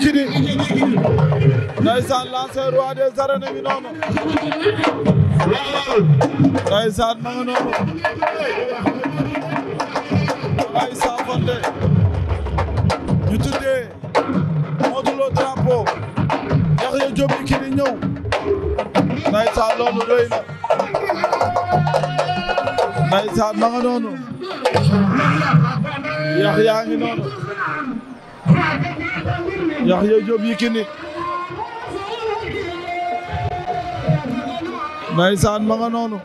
Yékini ndeysaan lancé roi des arènes ngi noonu ndeysaan ma nga noonu ay saafonte ñu tuddee Modou Lo drapeau Yaxya Jóob Yékini ñëw ndeysaan loolu doy na ndeysaan ma nga noonu Yaxya ngi noonu Yaxya Joob Yékini ndeysaan ma nga noonu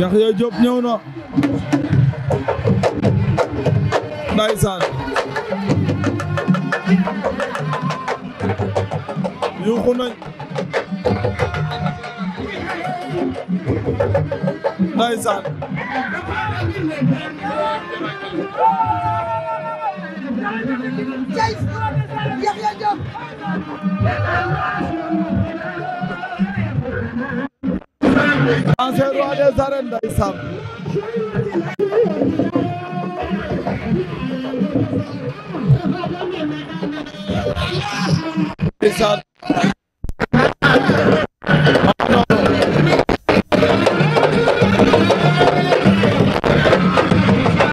Yaxya Joob ñëw na ndeysaan yuuxu nañ ndeysaan Yahya Diop ancien roi des arènes ndeysaan ndeysaan